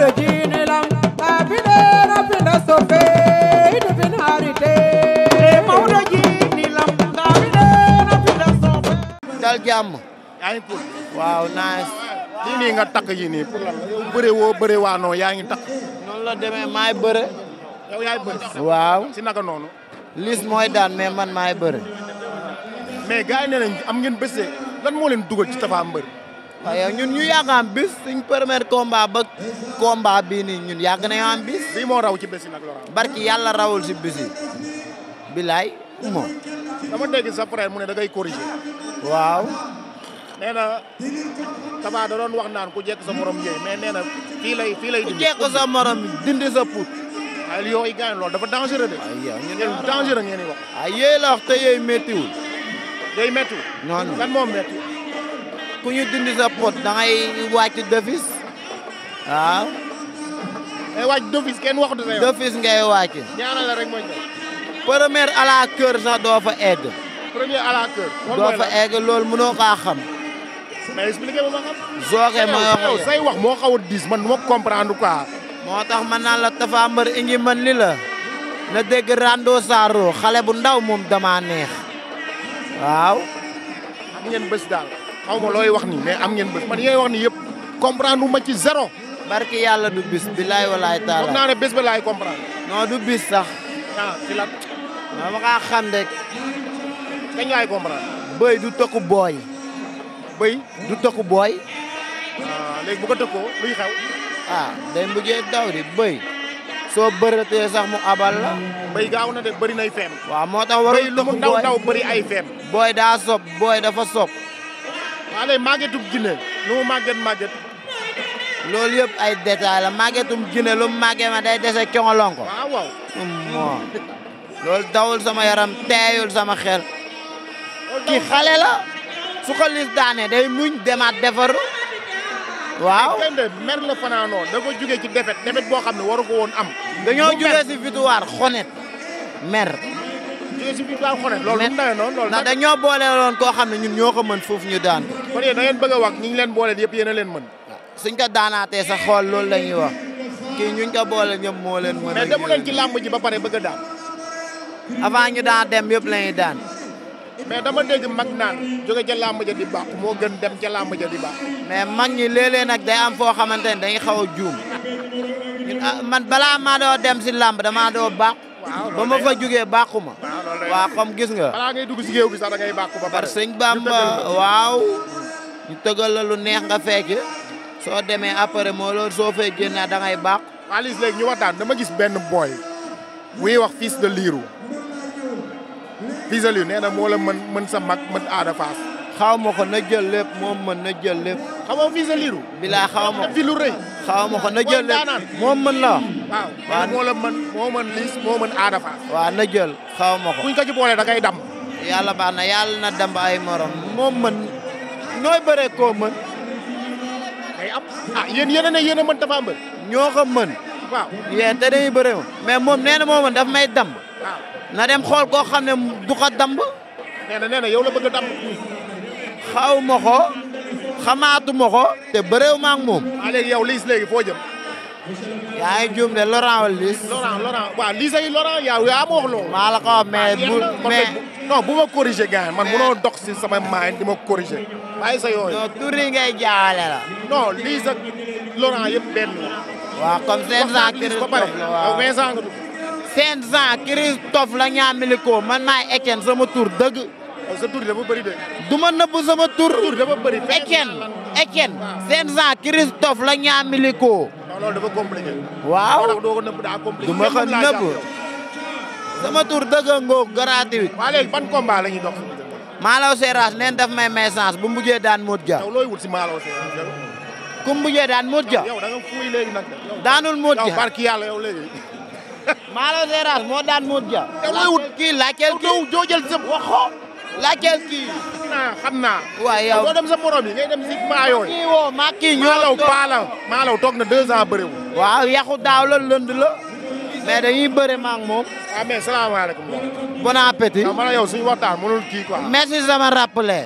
ɓeɗo jiinilam abiɗe rafina sofeyde fin harite mawɗo jiinilam abiɗe rafina sofe dal jàmm yaa ngi pour waaw nice lii nii nga takk yi nii pour bëre woo bëre waanoo yaa ngi takk noonu la demee maay bëre yow waaw lis mooy daan mais maay bëre mais gars yi nee am ngeen bésee lan moo leen ci Tapha Mbeur waaw yow ñun ñu yàgg am bis suñ premier combat ba combat bii nii ñun yàgg nañu am moo raw ci bis yi nag la raw. barki yàlla rawul si bis yi. bilaay moo. dama dégg sa frère mu ne da ngay corriger. waaw. nee na Tapha da doon wax naan ku jekk sa morom yooyu mais nee na fii lay fii lay. ku jekk sa morom dindi sa put. waaye yooyu gaañ loolu dafa dangereux de. waaw yow dangereux ngeen di wax. waaw yooyu la wax te yooyu méttiwul. yooyu méttiwul. non non lan ku ñu dindi sa pot da ngay wàcc defis waaw. Eh, ngay wàcc defis kenn waxatu sa yow. defis ngay sax doo fa egg. doo fa egg loolu mënoo kaa xam. mais wax moo xaw a diis man du ma comprendre quoi. moo tax man naan la Tapha Mbeur ingi man li la. na dégg Rando Saro xale bu ndaw moom dama neex waaw. xaw ma looy wax nii mais am ngeen bés man yooyu wax nii yëpp comprendre ma ci zéro. barki yàlla du bis bilaay walaay taala. foog naa ne bés ba laay comprendre. non du bis sax. ah ci la. ma kaa xam rek. kañ laay comprendre. bëy du tokku booy. bëy du tokku booy. ah léegi ko tëkkoo luy xew. ah day mujjee daw di bëy. soo bëreetee sax mu abal la. bëy gaaw na de bëri nay feem. waaw moo tax warul tokku booy bëri ay feem. booy daa sob booy dafa sob xale màggetub Guinée màgget màgget loolu yëpp ay détail la màggetum Guinée lu mu màggee ma day dese coŋolon ko ah, waaw loolu dawul sama yaram teeyul sama xel ki xale la su ko daane day muñ demaat defar waaw kende mer la fanaanoo da ko ci defet defet boo xam ne waru ko woon am dañoo jugee si victoire xonet mer jugee si victoire xonet loolu koo xam ne ñun ñoo ko mën ñu daan kon yéen da ngeen bëgg a wax ñi leen boole yëpp yéen a leen mën. suñ ko daanaatee sa xool loolu la ñuy wax kii ñuñ ko boole ñëpp moo leen mën. mais demu leen ci làmb ji ba pare bëgg a daan. avant ñu dem yëpp la daan. mais dama dégg mag naan jóge ca làmb ja di baax moo gën dem ca làmb ja di baax. mais mag ñi léeg-léeg nag day am foo xamante ne dañuy xaw a juum ah, man balaa maa doo dem si làmb damaa doo baax. ba ma fa jugee baaxuma. waa comme gis nga. balaa ngay dugg si géew bi sax da ngay bàkku ba pare. sëñ Bamba waaw. ñu tëgal la lu neex nga fekk. soo demee après moo loolu soo fee génnaa da ngay bàkku. Alice ñu waxtaan dama gis benn boy. buy wax fiis de Lirou. fils de Lirou nee na mën sa mag mën aada faas. xaw ma jël lépp moom mën na jël lépp. xamoo fils jël lépp moom mën la waaw waaw moo la mën moo mën liis moo mën aada fa na jël dam. yàlla baax na yàlla na dam ay morom. moo mën nooy bëree koo mën. day am ah yéen yéen a ne a mën Tapha Mbeur. ñoo ko mën. waaw yéen te moom. mais moom nee na moo mën daf may damb. na dem xool koo xam ne du ko damb. nee na nee na yow la bëgg a damb. xaw ma ko xamaatu ma ko. te bëreew ma ak moom. waaw yow liis léegi foo yaa ngi juum de Laurent wala Liss. Laurent Laurent waaw Liss ay maa la ko ah, bu mais. non bu ma corriger gars man munoo dox si sama maay di ma corriger. bàyyi sa yooyu. non tur yi ngay jaawale la. non ak Laurent yëpp benn la. waaw comme 500 la waaw 500. 500 Christophe la ñaa miliko man maay Etienne sama tur dëgg. Oh, sa tur dafa bëri de. ma sama tur. tur dafa bëri Etienne Etienne. la ñaa miliko. loolu dafa compliqué. waaw moo tax doo ko nëbb daa compliqué. du ma nëbb sama tur dëggangoo gratuit. waa léegi ban combat la ñuy dox. Malaw Seras neen daf may may chance mujjee daan Modou Dia. yow looy wut si Malaw daan Modou Dia. da nga daanul Modou Dia yow barki yàlla yow léegi. Malaw moo daan Modou Dia. yow wut kii laajteel kii. yow doo jël laajteel kii. ah xam naa. waaw dem sa morom yi ngay dem si kii woo maa law paalaw na deux ans bëriwul. waaw yàqu daaw la lënd la. mais dañuy bëre maa ngi moom. ah mais salaamaaleykum. bon appétit. waaw man yow suñu waxtaan mënul kii quoi. merci sama